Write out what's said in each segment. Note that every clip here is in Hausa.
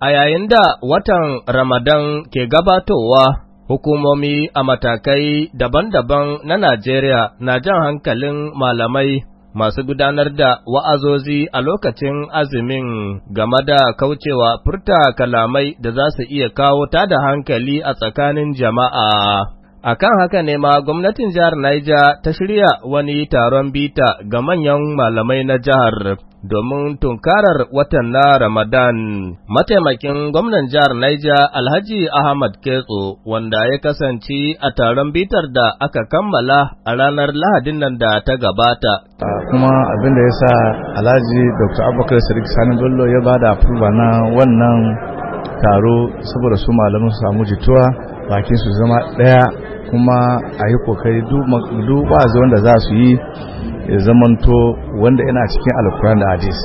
A yayin da watan Ramadan ke gabatowa, hukumomi a matakai daban-daban na Najeriya na jan hankalin malamai masu gudanar da wa'azozi a lokacin azumin game da kaucewa furta kalamai da za su iya kawo ta da hankali a tsakanin jama'a. A kan haka ne ma gwamnatin jihar Niger ta shirya wani taron bita ga manyan malamai na jihar. domin tunkarar watan na Ramadan. Mataimakin gwamnan jihar Niger Alhaji Ahmad Ketso wanda ya kasance a taron bitar da aka kammala a ranar Lahadin nan da ta gabata. Kuma abin da ya sa Alhaji Dr. Abubakar Sadiq Sani Bello ya ba da na wannan taro saboda su malamin su samu jituwa bakin su zama ɗaya kuma a yi kokari duk wanda za su yi ya zamanto wanda yana cikin alkuran da hadis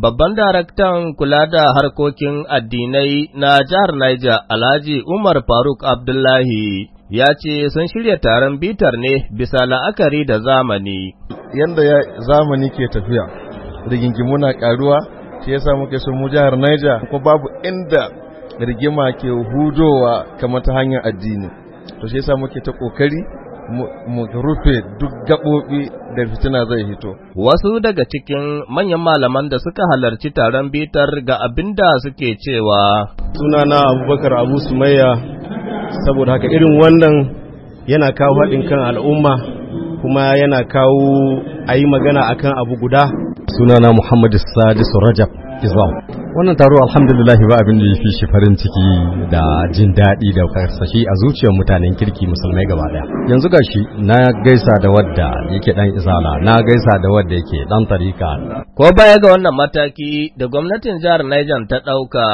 babban daraktan kula da harkokin addinai na jihar Niger Alhaji Umar Faruk Abdullahi ya ce sun shirya taron bitar ne bisa la'akari da zamani yanda ya zamani ke tafiya rigingimu na karuwa shi yasa muke mu jihar Niger ko babu inda rigima ke hudowa kamar ta hanyar addini to shi yasa muke ta kokari mu rufe duk gaɓoɓi da fitina zai hito. Wasu daga cikin manyan malaman da suka halarci taron bitar ga abin da suke cewa. Sunana Abubakar Abu Sumayya saboda haka irin wannan yana kawo haɗin kan al'umma kuma yana kawo a yi magana akan abu guda. Sunana Muhammadu Sadisu Rajab Izbam. wannan taro alhamdulillah ba abin da ya fi shi farin ciki da jin daɗi da karsashi a zuciyar mutanen kirki musulmai gaba daya yanzu gashi na gaisa da wadda yake ɗan izala na gaisa da wadda yake dan tarika ko baya ga wannan mataki da gwamnatin jihar Niger ta ɗauka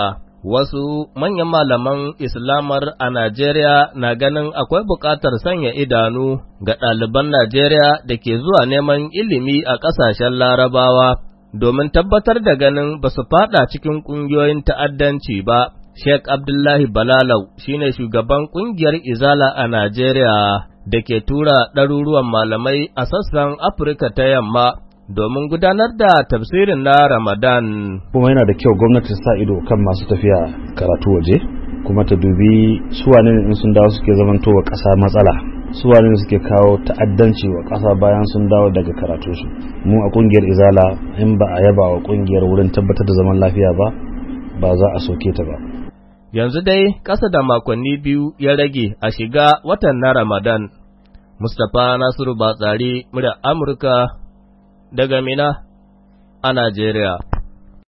wasu manyan malaman islamar a Najeriya na ganin akwai buƙatar sanya idanu ga ɗaliban Najeriya da ke zuwa neman ilimi a ƙasashen larabawa domin tabbatar da ganin ba su fada cikin ƙungiyoyin ta'addanci ba, Sheikh Abdullahi Balalau shine shugaban ƙungiyar Izala a Najeriya da ke tura ɗaruruwan malamai a sassan Afirka ta yamma domin gudanar da tafsirin na Ramadan. Kuma yana da kyau gwamnati sa ido kan masu tafiya karatu waje, kuma ta dubi su ne in sun dawo suke zamantowa ƙasa matsala. su suke kawo ta'addanci wa ƙasa bayan sun dawo daga karatu su mu a ƙungiyar izala in ba a yaba wa ƙungiyar wurin tabbatar da zaman lafiya ba ba za a soke ta ba yanzu dai ƙasa da makonni biyu ya rage a shiga watan na ramadan mustapha nasiru batsari murya amurka daga mina a najeriya